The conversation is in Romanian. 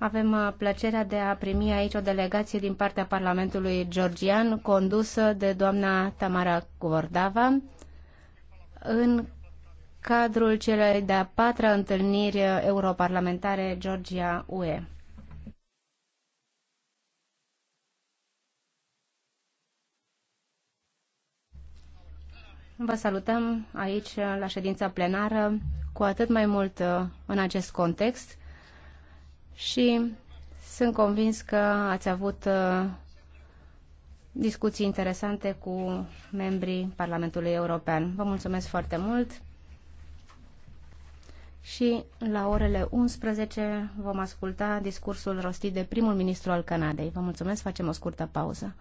Avem uh, plăcerea de a primi aici o delegație din partea Parlamentului Georgian, condusă de doamna Tamara Gordava, în cadrul celei de-a patra întâlniri europarlamentare Georgia-UE. Vă salutăm aici la ședința plenară, cu atât mai mult uh, în acest context, și sunt convins că ați avut uh, discuții interesante cu membrii Parlamentului European. Vă mulțumesc foarte mult și la orele 11 vom asculta discursul rostit de primul ministru al Canadei. Vă mulțumesc, facem o scurtă pauză.